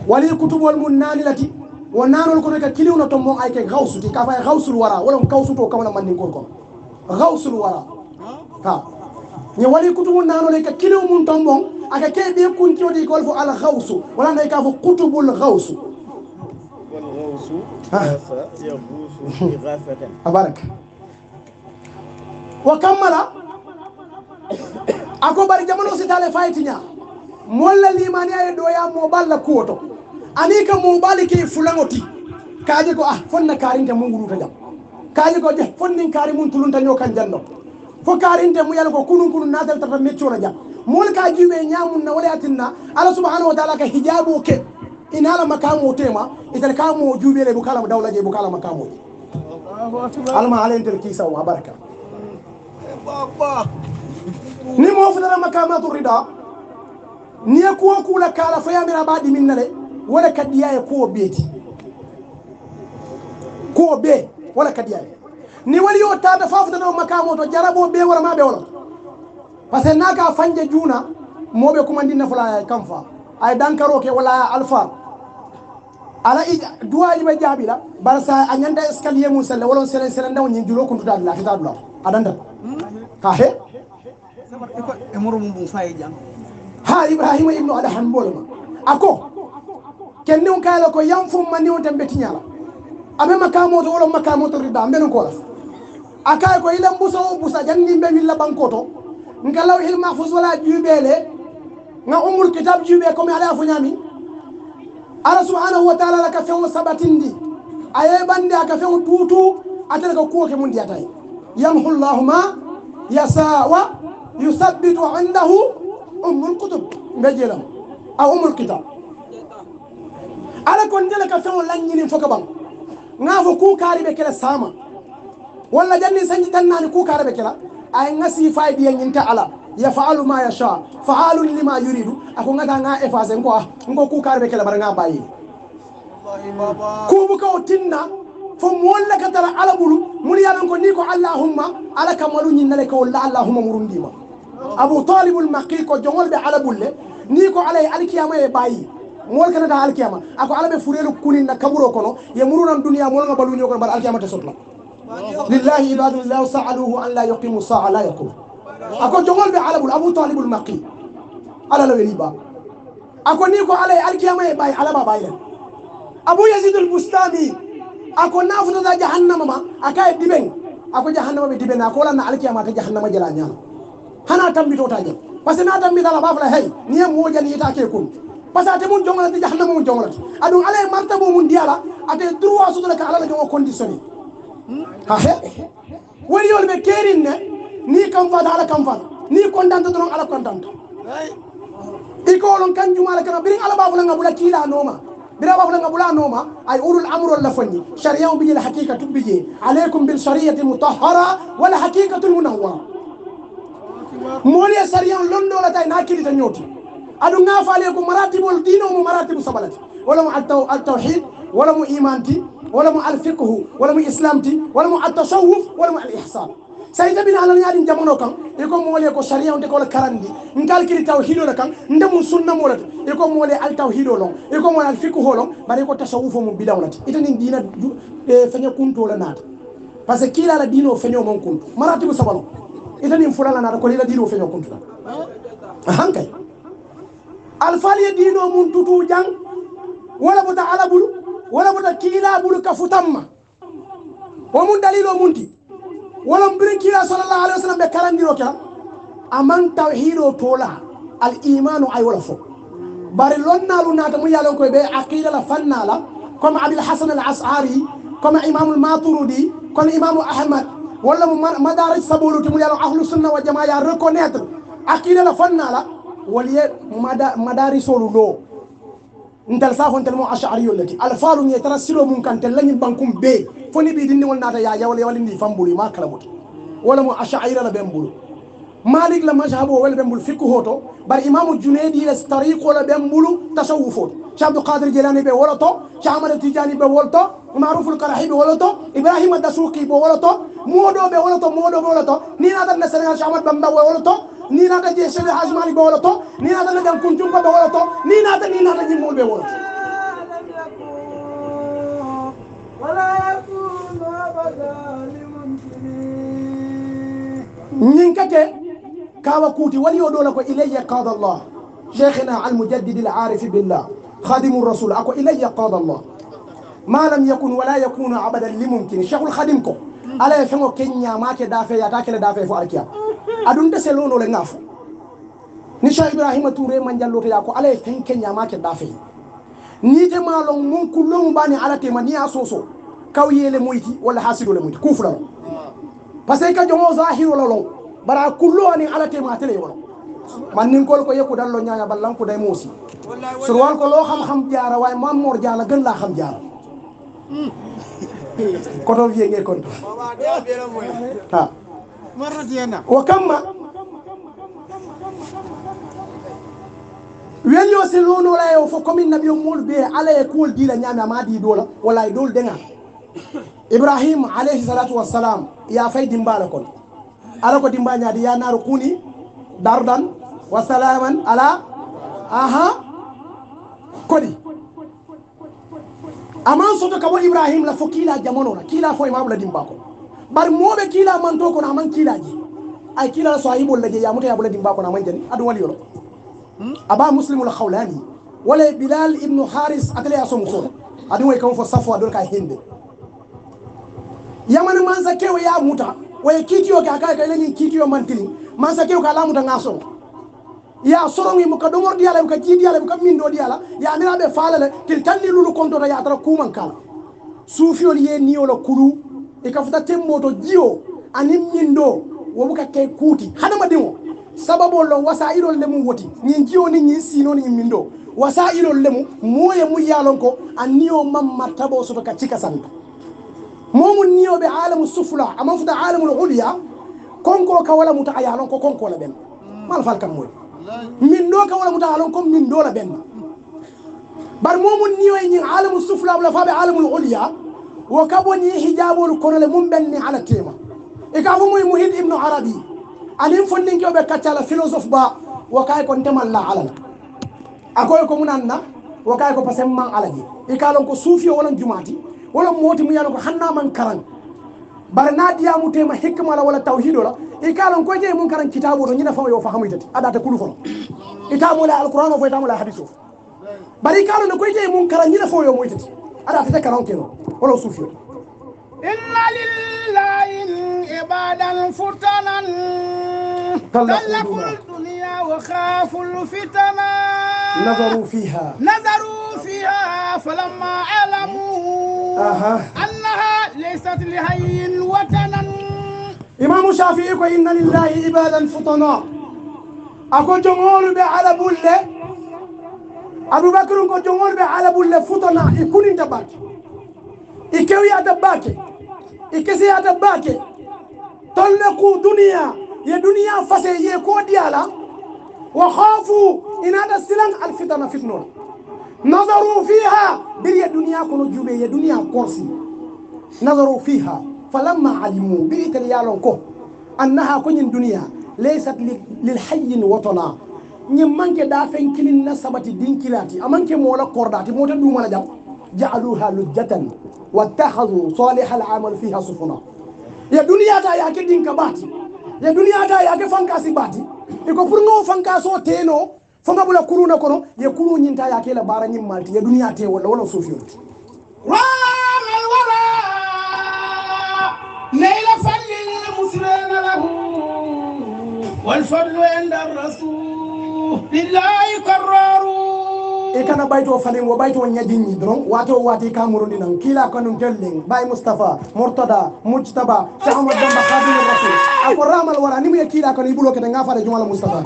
wali kutubol mum naani lati wo naanol kono ka kiliuno tombon ay ke hawsudi ka fay hawsul wara wala m kawsuto kamala mandinkol kon hawsul wara ha ñe wali kutumu naanole ka kiliw mum tombon aka ke ɓe kuntiyodi gol fo ala hawsu wala nday ka fo kutubul hawsu a barak wa kammala ako bari jamano sitale fayti ñaa molla limani ayi ɗoya moɓalla kuwoto ani ka moɓali key fulaŋo ti kaaje ko a ah, fonna karinte mu ngurunta jam kaaje ko je fonnin kaari mum tulunta ño kan jando fo karinte mu yala ko kunun kunu natel tata meccona jam mol ka jiɓe ñamum na waleyatinna ala subhanahu wa taala ka hijabo ke inalama kamo tema itan kamo juɓele bo kalama dawla je bo kalama kamoje alma alentel kisawo a barka ni mofutanama kamatu rida niye kuwo kula kala fo yamira badi min nale wala kadiyaye kuwo beti kuwo be wala kadiyaye ni wali yo tata fafutatao makamo to jarabo be wala ma ɓe wala par ce que naka fanje juuna moɓe kumandinna fula kam kamfa ay dankaro ke wala alfa ala i duwa ɓe jaaɓila bara sa a ñanda escalier mum selle wala selen selen ndaw ñin julo kuntudaɗi la titaɗula aɗanta hmm? ka he e moro mum jang ha ibrahima ibnu ada han mbolema ako ken niw kayla ko yamfumma niw tan ɓe tiñala aɓe makamoto wolo makamoto rida mbenu kolas a kay ko ilen ɓusa o ɓusa jandimɓe villa ɓankoto nka law hil mahfus wala juɓele ga umur kitabe juɓe comme aɗa afoñami ala subhanahu wa taala laka few saɓatindi a yeɓande aka few tuutu atele ko kuwoke mum diyatay yamhu llahu ma yasa wa yusabbitu indahu أم الكتب بجلم أو أم الكتاب على كون دلك فهم لن ينين فكبان نافو كو كاري بكلا ساما ولا جني سنجي تناني كو كاري بكلا أي نسي فاي بيان ينتا على يفعل ما يشاء فعل لما يريد أكو نتا نغا إفاز نكو نكو كو كاري بكلا برنا باي كو بكو تنا فمول لك ترى على بلو مولي يالنكو نيكو اللهم على كمالو نينا لكو اللهم مرون ديما abou talibul makki ko jogolɓe alabulle ni ko alaye alkiyama e ɓayi mool kenata alkiyama ako alaɓe furelu kunina kaɓuro kono ye mururan duniya molga baluni kono mbaɗa alkiyama te sotla lillahi ibadullah saaluhu an la yuqimu saa la yakum ako jogolɓe alabul abou talibul makki alalawe liba ako ni ko alaye alkiyama e ɓayi alaɓa ɓayilen abou yasidul boustani ako nafutata jahannama ma aka e ɗiɓen ako jahannama ɓe ɗiɓena ako walanna alkiyama ta jahannama jela ñana hana tambitota ñam par ce que mi a tambitala ɓafla hey niye mooƴani yitake kun par ce que ate mum jonglata jahannama mum jonglata aɗum alaye martabo mum ndi ala ate droit sutude ka alala jongo conditionné ha he woniyol ɓe keerin ne ni kam fada ala kam fada ni contente donon ala contente ikoolon kanjumala kama birin ala ɓafulanga ɓula kiila nooma bira ɓafulanga ɓula nooma ay ulul amrol la foñi sharia o biƴel hakika tubbi je aleykum bil shariati mutahara wala hakikatul munawwara مولي سريان لوندو لا تاي ناكيري تنيوتي ادو نافاليه كو مراتب الدين ومو مراتب سبلات ولا مو التوحيد ولا مو ايمانتي ولا مو الفقه ولا مو اسلامتي ولا مو التصوف ولا مو الاحسان سيدا بنا على نيا دين جامونو كان ايكو مولي كو سريان دي كول كاراندي نكال كيري توحيدو لا كان ندمو سنن مولات ايكو مولي التوحيدو لون ايكو مولي الفقه لون بري تصوف مو بيداولات ايتاني دينا فني كونتو لا نات باسكو كي لا دينو فنيو مون كونتو مراتب سبلات ila nin fulala naata kono ila diinoo feño kuntuna hankay alfaali ye diinoo mun tutu jang wala bota ala bulu wala bota kiilaa bulu ka futanma wo mun daliloo munti wolon birin kiila sallallahu alaihi wasallam be kalandiro kela aman tawhido tola al imanu ay wala fo bari lonnalu naata mu yalon koy be aqida la fannala comme abul hasan al as'ari comme imam al maturidi comme imam ahmad walla mo madaraj sabolu ti mu yalo ahlu sunna wa jama ya reconnaitre akida la fanna la waliye madari solu lo ntel sa hontel mo ashari yollati alfalu ngi tara silo mun kan tel lañi bankum be foni bi dindi wol nata ya yawle wala ndi fambulu ma kala wala mo ashari la ben bulu مالك لما mazhabu ولا bembul fikku hoto bar imamu junaydi la tariq wala bembulu tasawuf hoto شيخ عبد القادر جيلاني بولتو شيخ احمد التجاني بولتو معروف القراحي بولتو ابراهيم الدسوقي بولتو مودو بولتو مودو بولتو نينا دنا سنغال شيخ احمد بامبا بولتو نينا دا جي شيخ الحاج مالك بولتو نينا دنا دان كنجوم بولتو نينا دا نينا دا نيمول بولتو ولا يكون ابدا لممكن نينكته كاوكوتي وليودولا كو إلي قاد الله شيخنا المجدد العارف بالله خادم الرسول أكو إلي قاد الله ما لم يكن ولا يكون أبدا لممكن الشيخ الخادم كو ala ye feŋo ke ñaamaake daafe yataakele daafe fo alkiya adun dese loono le ŋa fo ni cheikh ibrahima touré manjallote ya ko ala ye feŋ ke ñaamaake daafe niite maa loŋ mun kulloŋo baani ala tema niŋ ye a sooso kaw ye le muyti walla haasido le muyti kuu fula loŋ parce que i ka joŋo zahiro la loŋ bara kullo ani alate matele wono manninkol ko yekku dallo ñaña ballanku day moosi sorwan ko lo xam xam jaara waay mammor diala gën la xam jaara hmm. koto wiye ngeer kon ah. wa kamma weño si lono laye o fo commune nabio molu ɓee alaye kuwol diila ñaami ama di doola wallay dool denga ibrahima alayhi salatu wassalam ya fay dimbaala kon ala ko nyadi ya naaro kuni dardan wa salaman ala aha kodi aman soto kabo ibrahim la fo kila jamono la kila fo imam la dimba ko man to ko na kono aman ji ay sahibu la ya muta ya bula dimba na man jani adu wali yolo hmm? aba muslimu la hawlani wala bilal ibnu haris atale ya somo sola way kam fo safo aɗol ka hinde yamana man kewo ya muta waye kiitiyo ke a kaye ka ilani kiitiyo man tili mansa kew ka lamu ŋa soŋo ya sorongi muka domor di ala ka ji di ala muka mindo di ala ya nira be le til tanni lulu konto da ya tara kuman kala sufiol ye niyo la kulu e ka futa temmo to jio ani do wo buka kay kuti hada dimo sababu lo wasailol lemu woti ni jiyo ni ni sino ni mindo wasailol lemu moye mu yalon ko aniyo mamma tabo so ka cika santa momum niyoɓe alamu soufla aman fota alamul ulia konko ka wala muta a yalon ko konkola ɓenna mala fal kam moƴi min ɗo ka wala muta yalon comme min ɗola ɓenna bar momum niyo e ñin alamu soufla wala faɓe alamul ulia wo kaboni hijabol korole mum ɓenni ala tema e ka fomoye muhid ibnu arabi anin fonninkeoɓe kaccala philosophe ba wo kay kon temalla alana akoye ko munanna wo kay ko pasen man alaji e kalon ko suufio wolon jumati wala mooti mu yaano ko hannaman karan bare na diyamu tema hikma la wala tawhido la i kalan koy jeye mum karan kitabu to ñina fama yo fahamuytati adata kulu fono itamula alquran o fo itamula hadise o bare i kalano koy jeye mum karan ñina fama yo moytati adatata karan keno wala sufio inna lillahi ibadan futanan talaku dunia wa khafu lfitana nazaru fiha nazaru fiha falamma alamuu أها أنها ليست لهي وطنا إمام شافعي كو إن لله عبادا فطنا أكو جمهور بعلى بولة أبو بكر أكو جمهور بعلى بولة فطنا يكون انت باكي إكوي أدباكي إكسي أدباكي طلقوا دنيا يا دنيا فسي يكو ديالا وخافوا إن هذا السلام الفتنة فتنون نظروا فيها بري الدنيا كنو جوبي يا دنيا كورسي نظروا فيها فلما علموا بري تليالون كو أنها كن الدنيا ليست للحي وطنا نيمان كي دافن كلين نسبتي دين كيلاتي امانكي مولا كورداتي موتا دوما جاب جعلوها لجتا واتخذوا صالح العمل فيها سفنا يا دنيا تا يا كدين كباتي يا دنيا تا يا كفانكاسي باتي يكو فرنو فانكاسو تينو fonga bula kuruna kono ye kuru ñinta ya kela bara ñim malti ye duniya te walla wala sofi wot leila fallil muslimina lahu wal fadlu inda rasul lillahi qarraru e kana ɓayto falen wo ɓayto ñadinñi dron wato wati kamuroni nan kiila kanum kelleng baye moustapha mortada moujtaba cahamad bamba hadimu rasul ako ramal wara ni mu ye kiila kano yiɓulo kete gafade jumala moustapha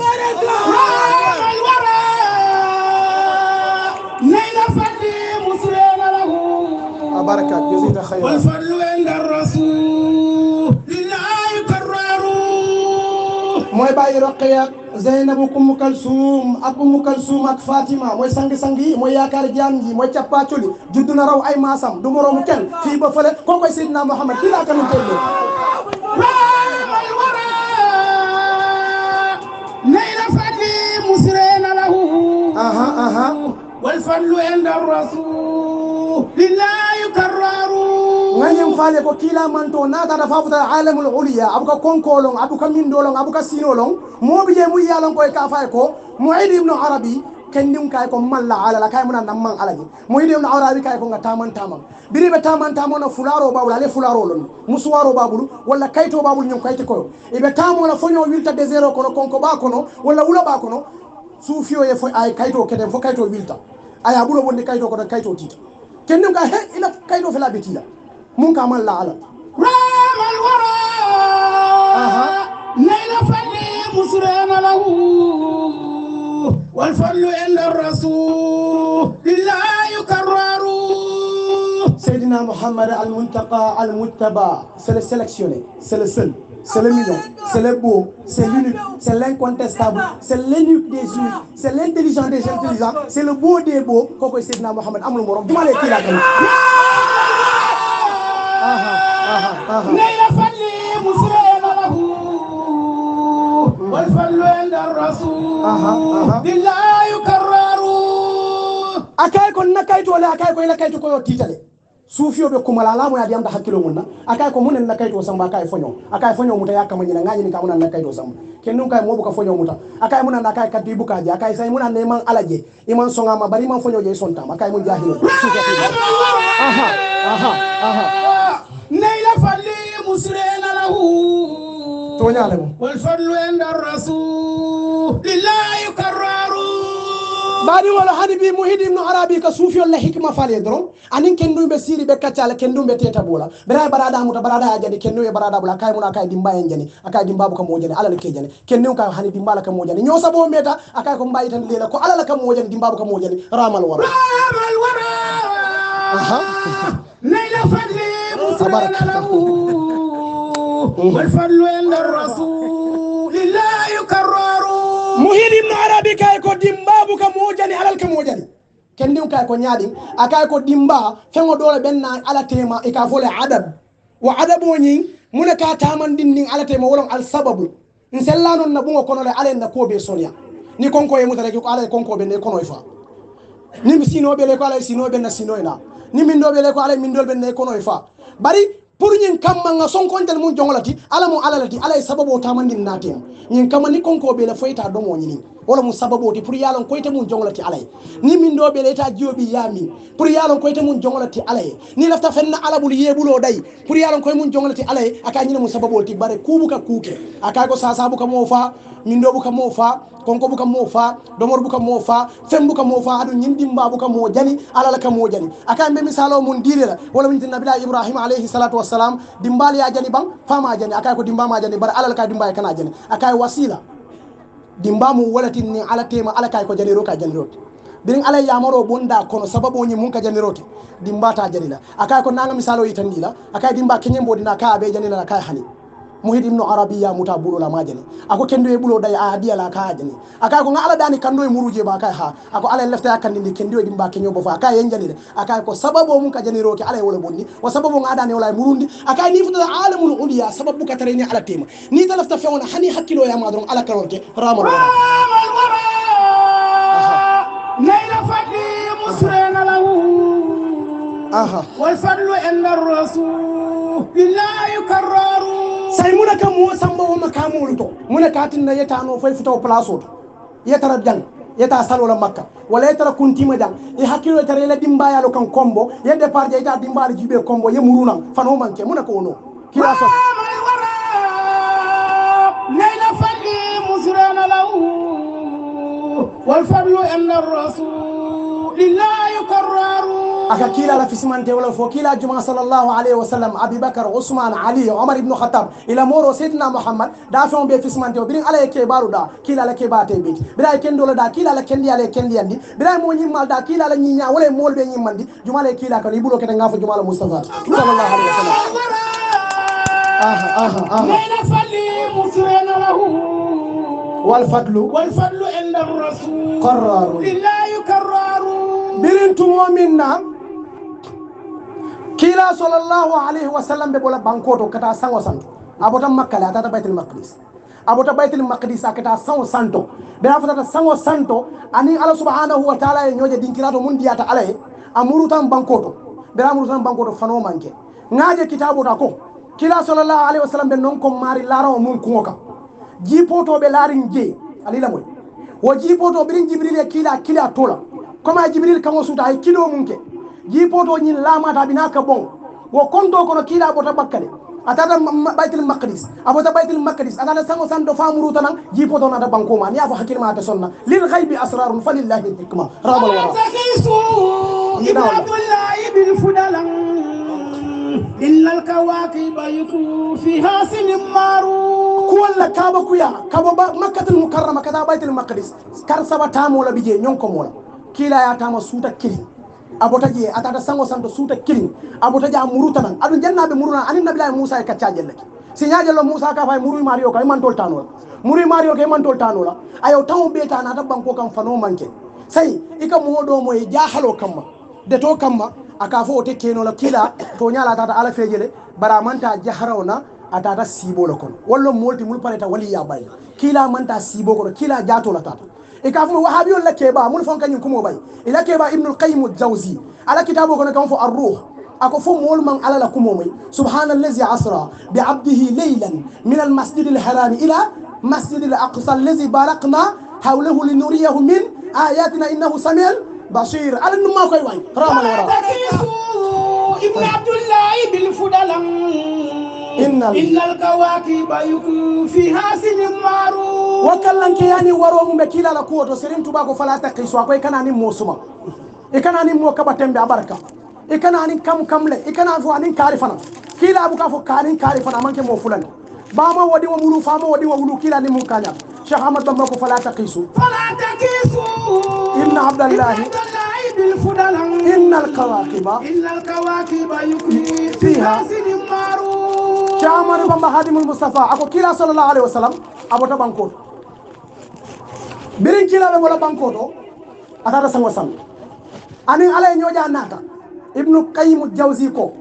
moy bayiro qiyak Zeynabu ku Umm Kalsum ak Umm Kalsum ak Fatima mooy sang-sang yi mooy yaakaar jaam yi mooy cappaaculi raw ay masam, du moroomu kenn fii ba fële koo koy Seydina Muhammad kii laa kanum tollu nayla fadli musrena lahu aha aha wal fadlu inda rasulillah wañen faale ko kiilamanto naatata fafuta alamul ulia abuka konkolon abuka mindolon abuka sinolon mobije muyiyalon koye kafaye ko moidi ibnu arabi kendim kay ko malla alala kay muna namman alaji moidi ibnu arabi kay ko nga taman tamam biriɓe taman tamono fularo babul ale fularolon musuwaro babul walla kayto babul ñom kayti koyo eɓe tamono foño wilta des zéro kono konko ɓa kono walla wula ɓa kono suufiyoye fo ay kayto keden fo kayto wilta aya ɓuuro wonde kayto kono kayto tiita kendim kay he ina kayto fela ɓe tiya munkaman la'alat ramal wara layla falli musrana lahu wal fallu illa rasul la yukarraru Seydina Mohamed al-Muntaqa al-Muttaba c'est le sélectionné c'est le seul c'est le mignon, c'est le beau, c'est l'unique, c'est l'incontestable, c'est l'unique des uniques, c'est l'intelligent des intelligents, c'est le beau des beaux. Koko Sidna Mohamed, amul morom, duma lay ki la ليل صلي مسلم له والفل عند الرسول بالله يكرر أكاي كنا كايتو ولا أكاي كنا كايتو كيو hakilo munna akay ko e munen nakay to samba akay fonyo akay fonyo muta yakka manyina ngani ni kamunan nakay to samba kay mobu ka fonyo muta akay munan nakay kati buka ja akay say munan neman alaje iman songa ma bari man fonyo je e sonta akay mun jahilo aha aha aha usrena lahu toñalemo wal fadlu endar rasul lillahi karraru mbaɗi wolo hani mbi muhidi ibnu arabi ko suufiolle hikma falee doron anin kenndumɓe siri ɓe kaccale kenndumɓe teta bola mbirai barada amuta barada a jani kenndumɓe barada bola kay muna kay dimba en jani akay dimbabo kam mojani alala ke jani kenndum kay hani dimbala kam mojani ñoosabo meta akay ko mbayitan lela ko alala kam mojani dimbabo kam mojani ramal wara ramal wara leyla fadli musrena lahu walfallu inda rasulillah yukarraru mo hiɗimno arabi kay ko dimbabu ka mojani alal ka mojani kendim kay ko ñaaɗin a kay ko dimba feŋo ɗole ɓenna alatema e ka fole adab wo adabo ñin mune ka tamandin ndin alatema wolon alsababu n sella noon na ɓuŋo konole alayna koobe soniya ni konko ye mutareki ko alay konkoɓe nde konoy fa ni sinoɓele ko alay sinoɓe na sinoy na ni mindoɓele ko alay mindol ɓe nde konoy fa bari pour ñin kamma ga sonkontel mum jongolati alamo alalati alaye sababu o tamandin naatin ñin kamma ni konkoɓe la foyita domo ñinin wala mum sababo ti pour yalon koyte mum jonglati alay ni min do ɓe leyta jiyoɓi yami pour yalon koyte mum jonglati alaye ni lafta fenna alaɓol yeɓulo ɗay pour yalon koye mum jonglati alaye aka ñina mum sababol ti bare kuɓuka kuuke aka ko sasa buka mo fa min do buka mo fa konko buka mo fa domor buka mo fa fen buka mo fa aɗum ñindimba buka mo jani alala ka mo jani aka mbe misalo mum dirira wala min ti nabilah ibrahima alayhi salatu wassalam dimbaliya jani ban fama jani akay ko dimbama jani bare alala ka dimbaya kana jani akay wasila di mbamum walatin ni ala tema ala kay ko janiro ka janirote birin ala yamaro bonda kono sababu ni mun ka janirote di mbata janila akay ko nanga misalo yitandila akay di mba kenyem bodina ka be janila akay hani muhid ibnu arabia muta ɓuulola majene ako kendu e ɓuulo day a adiyala kajene aka ko ala dani kandu e muruji ba ka ha ako ala e lefta yakkandi ndi kendu e ɗim ba keño bo fo aka yeñjanire aka ko sababu mum ka jani roke ala wole bonni o sababu gadani wola e murundi aka ni fo tata e alamul ulia sababu ka tarani ala tema ni ta lefta fewona hani hakkilo ya ma dron ala kanorke ramal wara neyna fati musrenalahu aha wa sallu inda rasul illa yukarraru say muna ka muwo samba wo maka muolu to muna katinna yeta no fay futawo place o to yetara jang yeta salola makka walla yetara kuntima jang e hakkilo yetara yela dimbayalo kan combo ye départ je yeta dimbaali jiɓe combo ye muruna fano manke muna ko wono kiaso nayla fagi musurana law wal fabio en nar rasul lillahi korraru aka kiila la fisimante wala fo kiila juma salllahu alayhi wa sallam aboubacar ousmane ali omar ibnu khatab ila moro seydina mouhammad da fewo ɓe fisimante o birin alaye kebaru da kiila la kebate ɓeti biraye kendolo da kiila la kendiyale kendiyandi biraye mo ñimmal da kiila la ñiña wala mool ɓe ñimmandi jumala e, e kiila kano ibulo kete ngafo jumala moustapha salllahu alayhi wa sallam walfadlu walfadlu endar rasul korraru illa yukarraru birin tumo min nam kiila sallllahu alayhi wa sallam ɓe ɓola banko to kata sano santo a bota makkale a tata baytel makdis a bota baytel makdis a kata sano santo ɓe a fotata sano santo ani ala subhanahu wa taala e ñoje ɗinkira to mum ndiyata alaye a murutan banko to ɓera murutan banko to fano manke ŋaje kitabu ta ko kiila sallllahu alayhi wa sallam ɓe non ko maari laarao mum kuŋo kam jipotoɓe laarin jee alilamoy e. wo jipoto ɓirin jibril e kiila kili a tola comme a jibril kamo suuta hay kilo mum ke jipoto ñin laamata ɓina ka bon wo konto kono kiiɗa ɓota ɓakkale a tata ɓaytel makadis a ɓota ɓaytel makadis a tata sango sanɗo famuruta nan jipoto nata bankuma ni a fo hakkil ma ta sonna lil haybi asrarum fa lillahi lhicma rabalwaraibnfudalan illal kawakiba yku fiha sinin maru kuwalla kaba kuya kaba makkatel mukarrama kata ɓaytel makadis kar saba tamola ɓije ñonko mola kiilaya tama suuta kili abotaji e atata sango santo suuta kiliŋ abotaji a murutanan aɗum jannaɓe muruna ani nabilahi moussa e kaccajelle e e ke si ñajello moussa ka fay muruy mario ka imantol tanola muruy mario ka imantol tanola ayow taw ɓeeta nata banko kam fano manke sayi ika moɗomo e jahalo kamma de to kamma aka fo o tekkenola kiila to ñala tata ala feejele bara manta jaharaw na a tata siibolo kono wallo molti mulparéta waliya bayla kiila manta siibo kono kiila jatola tata ikafuma wahabiyon la keba mun fon kanyum kumo bay ila keba ibn al-qayyim al-jawzi ala kitabu kono kan fo ar-ruh ako fo mol man ala la kumo may subhanallazi asra bi abdihi laylan min al-masjid al-haram ila masjid al-aqsa allazi barakna hawlahu linuriyahu min ayatina innahu samil basir ala numa koy way rama wara ibn abdullah bil fudalam innal kawakiba fi hasinin maru wo kallanke yani waromume kilala kuwo to serin tubako fala takiso akoy kanani mosuma ikanani mo kaba tembe abarka ikanani kam kamle ikana fo anin kari fana kila abu ka fo kani kari fana manke mo fulani bama wadi wo mulu fama wadi wo mulu kila ni mun kanya sheikh ahmad bamba ko fala takiso fala takiso inna abdullahi innal kawakiba innal kawakiba yukfi fiha sinin maru jamanu bamba hadimul moustapha ako kila sallallah alayhi wa sallam abota ɓankoto mbirin kilaɓe ɓola ɓankoto atata sango sal anin alay e ñoƴa naata ibnu qayimu jawsi ko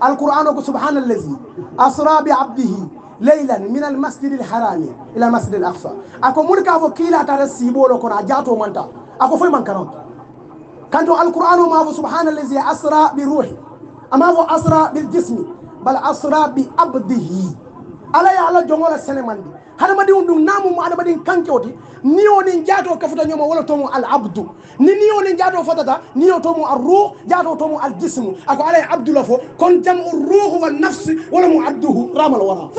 alquran oko subhanallahi asra bi abdihi leylan min almasjidi lharami ila masjidi l aqsa ako munka fo kiila tata siiɓolo kono a jaato manta ako foy e mankanon kanto alquran o mafo subhanallahi asra bi ruhi amafo asra bil jismi bal asra bi abdihi ala ye allah jogola senemandi hadamadi um um namumo adamadin kanke oti niyo nin jaato kefuta ñoma wala tomu al abdu ni niyo nin jaato fotata niyo tomu al ruh jaato tomu al jisme ako alaye abdulla fo kon jam u ruhu wa nafsi wala mu abduhu ramal wala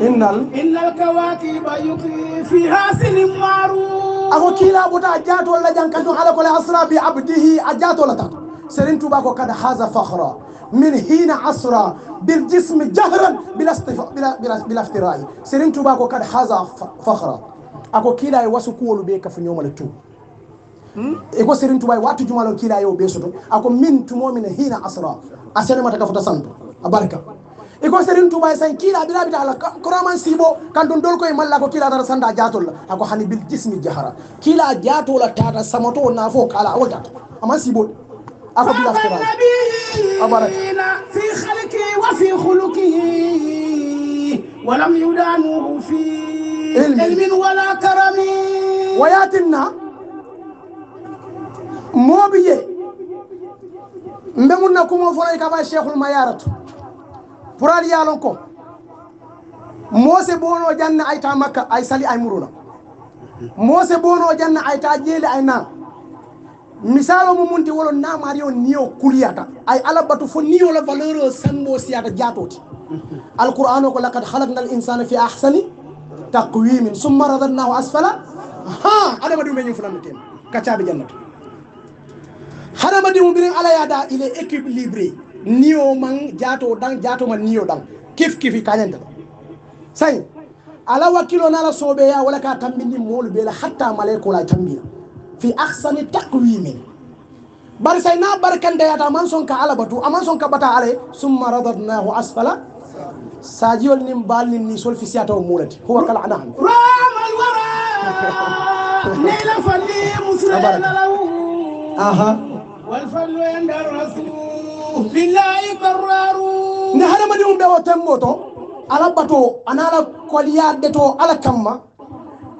innal innal kawakiba yuqi fiha sinin maruf ako kiilaɓota a jaatolla jang kañum ala kole asra bi abdihi a jaatolatat serin tuba ko kad haha fahra min hina asra bil jisme jahran bilaftirahi serin tuba ko kad haha fahra ako kiila e wasu kuwolu ɓe kafo ñomale tu hmm? e ko serin tuba e wattu jumalon kiila yo e ɓe sodo ako min tumomin hina asra a senemata kafota santo a barka e ko sérine toubay sen kiilaɓiraɓita ala koraman siibo kanton dol koye malla ko kiila tata sanda jatolla ako hani bil jismi jahara kiila jatola tata samato na fo kala awolta ama siibode ako bila wayatinna moɓiye mbemunna kumo fonoy kafa chekhul ma yarato pural yalon ko mose bono janna ayta makka ay sali ay muruna mose bono janna ayta jeeli ay na misalo mo munti wolo namari on niyo kuliyata ay ala batu fo niyo la valeur o sambo siyata jatoti alquran ko laqad khalaqna al insana fi ahsani taqwim summa radadnahu asfala ha adama dum meñu fulan ken kacabe jannati hadama dum bi ala yada il est équilibré نيو مان جاتو دان جاتو مان نيو دان كيف كيف كاين دان ساي على وكيلو نالا صوبيا ولا كا مول بيلا حتى ماليكو لا تامبيني في احسن تقويم بار ساي نا باركان دايا دا مان سونكا على باتو امان سونكا باتا علي ثم رددناه اسفلا ساجيول نيم بالين ني سول في سياتو مولات هو كلا انا رام الورا نيلا فلي مسلم اها والفن عند الرسول nde haɗamaɗimum ɓe o temmo to ala bato anaala koliyaɗɗe to ala kamma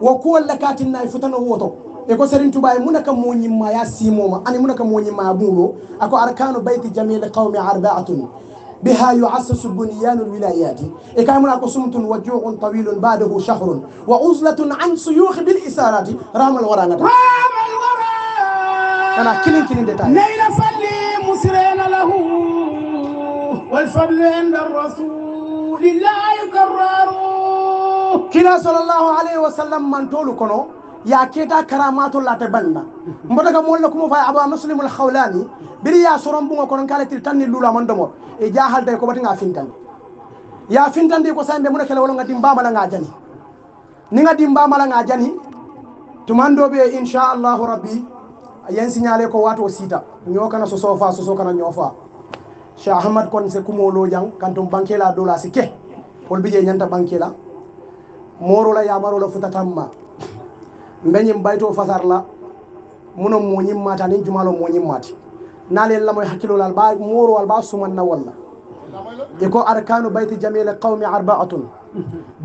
wo kuwolle katinnayi futano wuwoto e ko serin tubaye muna ka moñimma ya simoma ani muna ka moñimma ya ɓuuɗo ako arkanu bayti jamili qawmi arbaatun biha yuassasu bunyanu lwilayati e kay muna ko sumtun wa juun tawilun badahu chahrun wa uslatun an suyuhi bil isarati ramal waranata ana kilin kilin detaneyna falli musren والفضل عند الرسول لا يكرر كلا صلى الله عليه وسلم من تولكن يا كيتا كرامات الله تبلنا مدغا مولكم فاي ابو مسلم الخولاني بري يا سورم بو كون كالتي تاني لولا من دمور اي جاهل داي كوبتي غا فينتان يا فينتان دي كو سامبي مونا كلا ولا غادي مبامالا غا جاني ني غادي مبامالا غا جاني تومان دوبي ان شاء الله ربي ين سينيالي كو واتو سيتا ньо كانا سوسوفا سوسو كانا ньофа cheikh ahmad kon se kumolo jang kantum la dola si ke hol bije nyanta bankela morola yamarola futatamma mbeñim bayto fasarla muno moñim mata nin jumalo moñim mati nalel hakilo hakkilolal ba morowal ba sumanna na wala ko arkanu bayti jamila qawmi arbaatun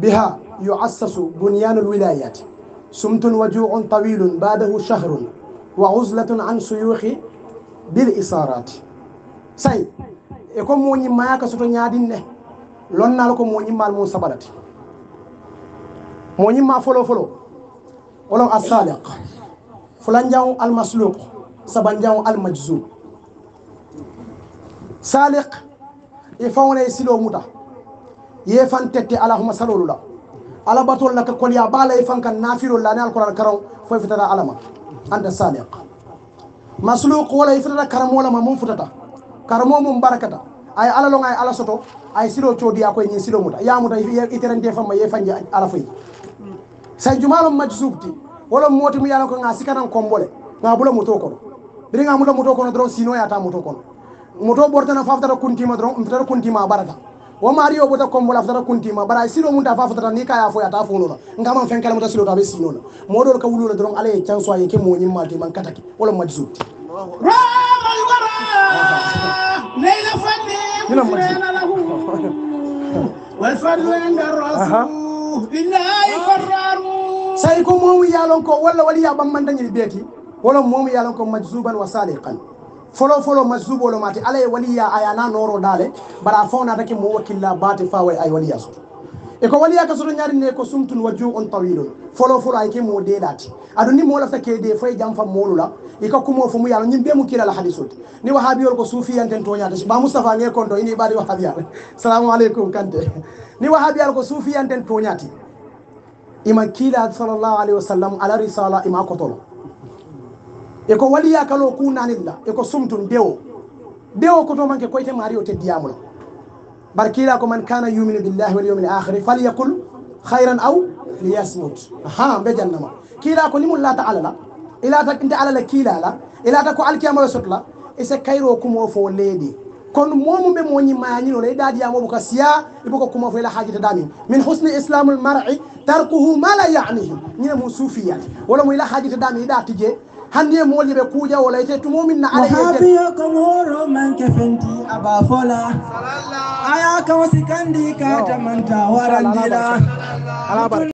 biha yuassasu bunyanu lwilayati tawilun badahu shahrun wa uzlatun an suyukhi bil isarat say e ko moñimmayaka soto ñaadin ne lonnal ko moñimmal mum saɓalati moñimma folo folo wolo assaliq fulanjaw almasluk saɓanjaw almajzum saliq e fawnay e silo muta yefan tette alahuma salolula ala batol laka kolya baalay e fankan nafirolla ne alqouran karaw foy fitata alama anta saliq masluk wala e fitata karamolama mum futata karamo mum barakata ay ala lo ngay ala soto ay silo codi akoy ni silo muta ya muta iterante fama ye fanje ala fay say jumalo majzubti wala moti mi yalla ko nga sikanan kombole ma bula muto ko biri nga muto muto ko dron sino ya ta muto ko muto bortana kunti ma dron kunti ma barata wo mario bota kombola kunti ma bara silo munta fa fatata ni kaya fo ya ta fo no nga man fen kala muta silo ta be sino no modol ka wulula dron ale ye chanso ye ke mo nyimmalti man kataki wala majzubti Allahu Akbar الورى ليل فتي مسرين له والفرد عند الرسول لله فرار say ko momu yalonko walla waliya ɓamman dañiri beeki wolo momu yalonko majzuban wa saliqan folo folo majzuba olomati alaye waliya aya na noro dale mbaɗa fownatake mo wakilla bate fawa ay waliya soto e ko waliya ka soto ñarine ko sumtun wa jou on tawilon folo folo ay ke mo deeɗati aɗa ni molofta keede fo e jam fam molula e kakkumo fo mu yaala ñim ɓe mu kiilal haalisude ni wa haabiyol ko suufiyanten toñata ba moustapha ne konto ini ɓaade wa haabiyal salamualeykum kante ni wa haabiyal ko suufiyanten toñati ima kiila salllahu alayhi wa sallam ala risala ima kotolo e ko waliya kalo kunanilla e ko sumtun dewo dewo kotomanke koyte maari o teddiyamula بركي لكم من كان يؤمن بالله واليوم الآخر فليقل خيرا أو ليصمت ها بجنما كيلا كل من لا تعالى لا إلا تك أنت على كيلا لا إلا تك على كيما يسوت لا إذا كيرو كم وفو ليدي كون مومو بي موني ماني لو ليدا دي امو بوكا سيا بوكا كوما في لا حاجه دامي من حسن اسلام المرء تركه ما لا يعنيه ني مو صوفيا ولا مو لا حاجه دامي دا تجي hanndi e mooliɓe kuuƴa o layte tumomin na alaabiyokom hooro manke fenti aba fola aya kam sikandi kaatamanta warandila